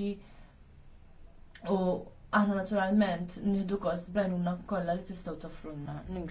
terroristi u aħna naturalment nieħdu kost bajnuna kollha li tistgħu toffrulna.